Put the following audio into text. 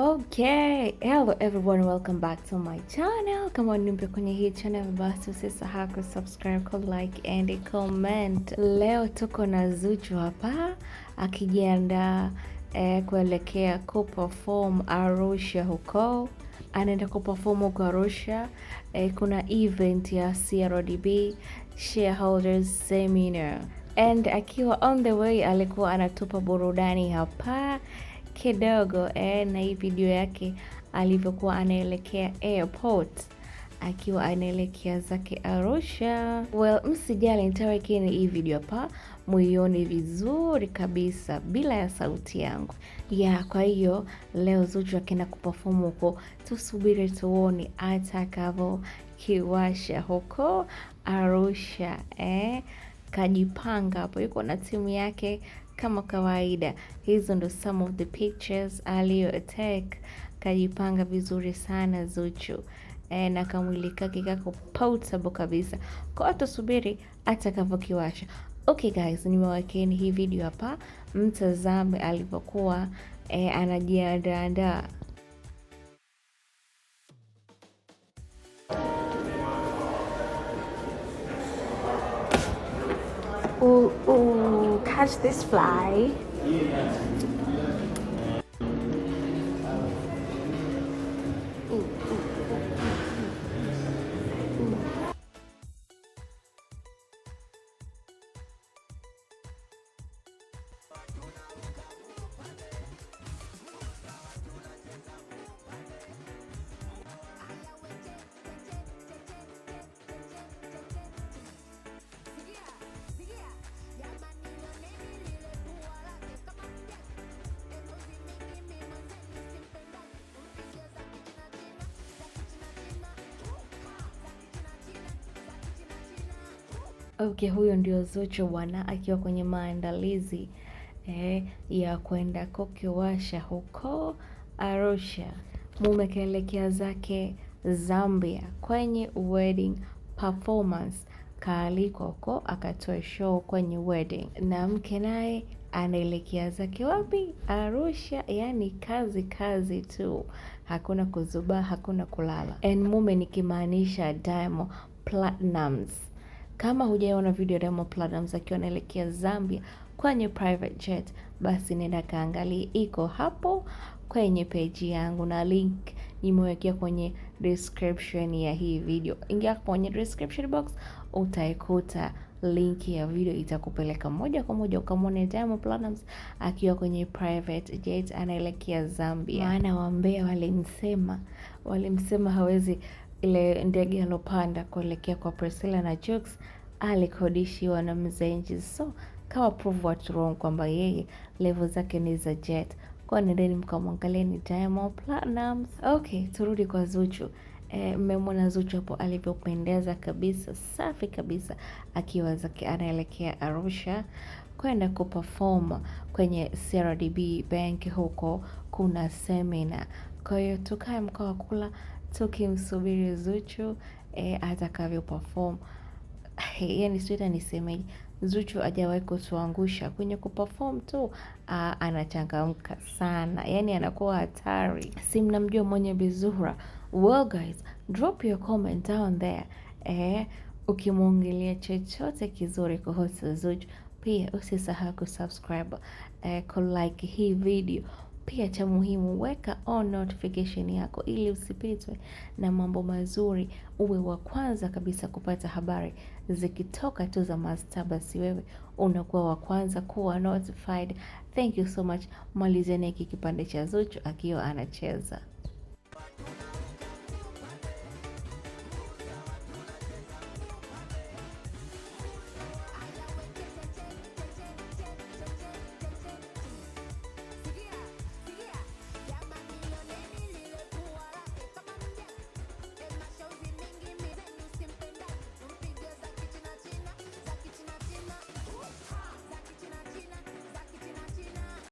Okay, hello everyone, welcome back to my channel. Kama ni mpya kwenye hii channel, basi usisahau kusubscribe, ku like and comment. Leo tuko na Zuchu hapa akijiandaa eh, kuelekea kuperform Arusha huko anaenda kuperform huko Arusha. Eh, kuna event ya CRDB shareholders seminar and akiwa on the way alikuwa anatupa burudani hapa kidogo eh, na hii video yake alivyokuwa anaelekea airport akiwa anaelekea zake Arusha. Well, msijali, nitawekeni hii video hapa muione vizuri kabisa bila ya sauti yangu ya yeah. Kwa hiyo leo Zuchu akienda kupafomu huko, tusubiri tuone atakavyokiwasha huko Arusha eh kajipanga hapo, yuko na timu yake kama kawaida. Hizo ndo some of the pictures aliyo take. Kajipanga vizuri sana Zuchu. E, na kamwili kake kako pautable kabisa, kwa hiyo tusubiri atakavyokiwasha. Okay guys, nimewekeni hii video hapa, mtazame alivyokuwa e, anajiandaandaa ooh, ooh, catch this fly. Okay, huyo ndio Zuchu bwana akiwa kwenye maandalizi eh, ya kwenda kukiwasha huko Arusha. Mume kaelekea zake Zambia kwenye wedding performance, kaalikwa huko akatoa show kwenye wedding, na mke naye anaelekea zake wapi? Arusha. Yani kazi kazi tu, hakuna kuzubaa, hakuna kulala. And mume nikimaanisha Diamond Platnumz. Kama hujaona video ya Diamond Platnumz akiwa anaelekea Zambia kwenye private jet, basi nenda kaangalie, iko hapo kwenye peji yangu na link nimewekea kwenye description ya hii video. Ingia kwenye description box utaikuta link ya video itakupeleka moja kwa moja ukamwone Diamond Platnumz akiwa kwenye private jet anaelekea Zambia. Maana wambea walimsema, walimsema hawezi ile ndege alopanda kuelekea kwa Priscilla na Jux alikodishiwa na mzee nchi, so kawa prove what wrong kwamba yeye level zake ni za jet. Kwa nendeni mkamwangalia ni Diamond Platnumz. Okay, turudi kwa Zuchu. E, Zuchu hapo alivyopendeza kabisa, safi kabisa, akiwa zake anaelekea Arusha kwenda kuperform kwenye CRDB Bank, huko kuna semina kwa hiyo tukae mkao kula, tukimsubiri Zuchu e, atakavyo perform. Yaani sijui nisemeje, Zuchu hajawahi kutuangusha kwenye kuperform tu a, anachangamka sana, yaani anakuwa hatari. Si mnamjua mwenye Bizura. Well guys, drop your comment down there. Eh, ukimwongelea chochote kizuri kuhusu Zuchu, pia usisahau kusubscribe, eh, kulike hii video. Pia cha muhimu, weka on notification yako ili usipitwe na mambo mazuri, uwe wa kwanza kabisa kupata habari zikitoka tu za Mastaz, basi wewe unakuwa wa kwanza kuwa notified. Thank you so much. Malizeni hiki kipande cha Zuchu akiwa anacheza.